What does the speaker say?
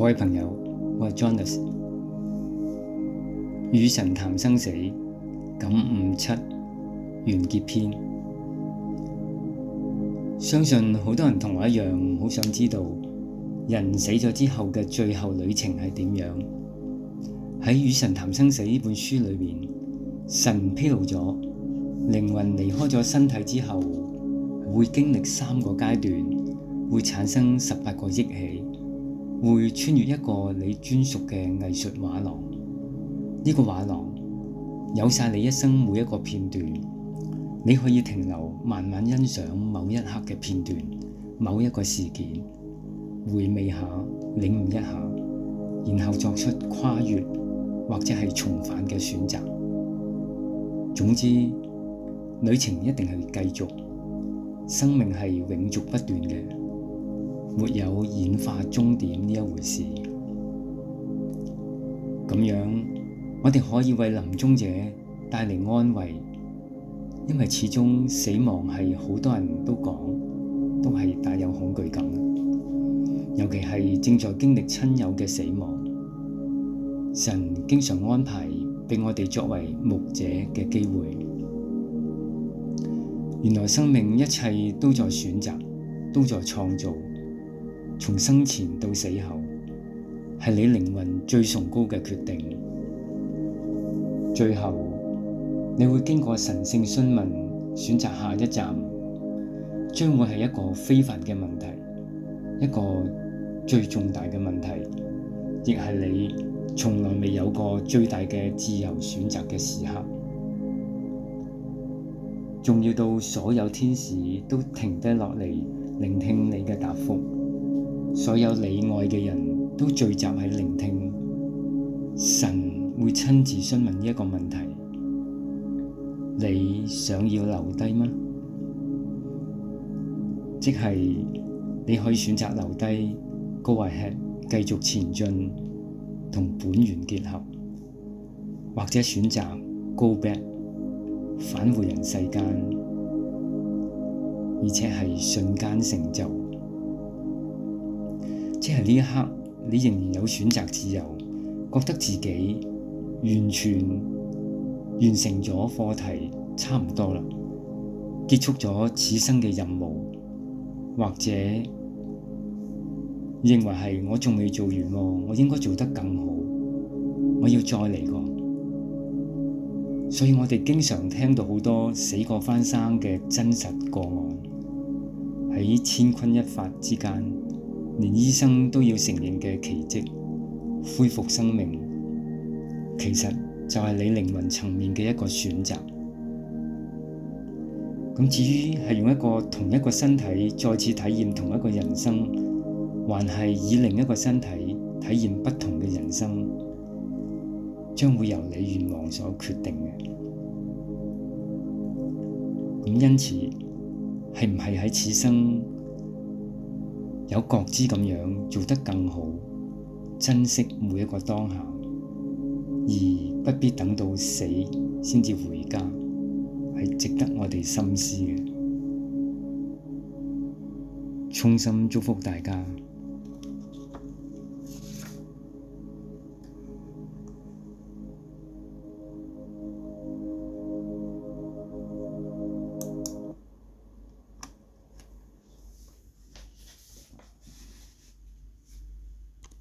各位朋友，我係 Jonas，與神談生死感悟七完結篇。相信好多人同我一樣，好想知道人死咗之後嘅最後旅程係點樣。喺《與神談生死》呢本書裏面，神披露咗靈魂離開咗身體之後，會經歷三個階段，會產生十八個憶起。會穿越一個你專屬嘅藝術畫廊，呢個畫廊有晒你一生每一個片段，你可以停留慢慢欣賞某一刻嘅片段，某一個事件，回味下，領悟一下，然後作出跨越或者係重返嘅選擇。總之，旅程一定係繼續，生命係永續不斷嘅。沒有演化終點呢一回事，咁樣我哋可以為臨終者帶嚟安慰，因為始終死亡係好多人都講，都係帶有恐懼感，尤其係正在經歷親友嘅死亡，神經常安排俾我哋作為牧者嘅機會。原來生命一切都在選擇，都在創造。從生前到死後，係你靈魂最崇高嘅決定。最後你會經過神聖詢問，選擇下一站，將會係一個非凡嘅問題，一個最重大嘅問題，亦係你從來未有過最大嘅自由選擇嘅時刻。重要到所有天使都停低落嚟聆聽你嘅答覆所有你愛嘅人都聚集喺聆聽，神會親自詢問呢一個問題：你想要留低嗎？即係你可以選擇留低，go ahead，繼續前進同本源結合，或者選擇 go back，返回人世間，而且係瞬間成就。即係呢一刻，你仍然有選擇自由，覺得自己完全完成咗課題，差唔多啦，結束咗此生嘅任務，或者認為係我仲未做完喎，我應該做得更好，我要再嚟過。所以我哋經常聽到好多死過翻生嘅真實個案，喺千鈞一髮之間。連醫生都要承認嘅奇蹟，恢復生命，其實就係你靈魂層面嘅一個選擇。咁至於係用一個同一個身體再次體驗同一個人生，還係以另一個身體體驗不同嘅人生，將會由你願望所決定嘅。咁因此，係唔係喺此生？有覺知咁樣做得更好，珍惜每一個當下，而不必等到死先至回家，係值得我哋深思嘅。衷心祝福大家。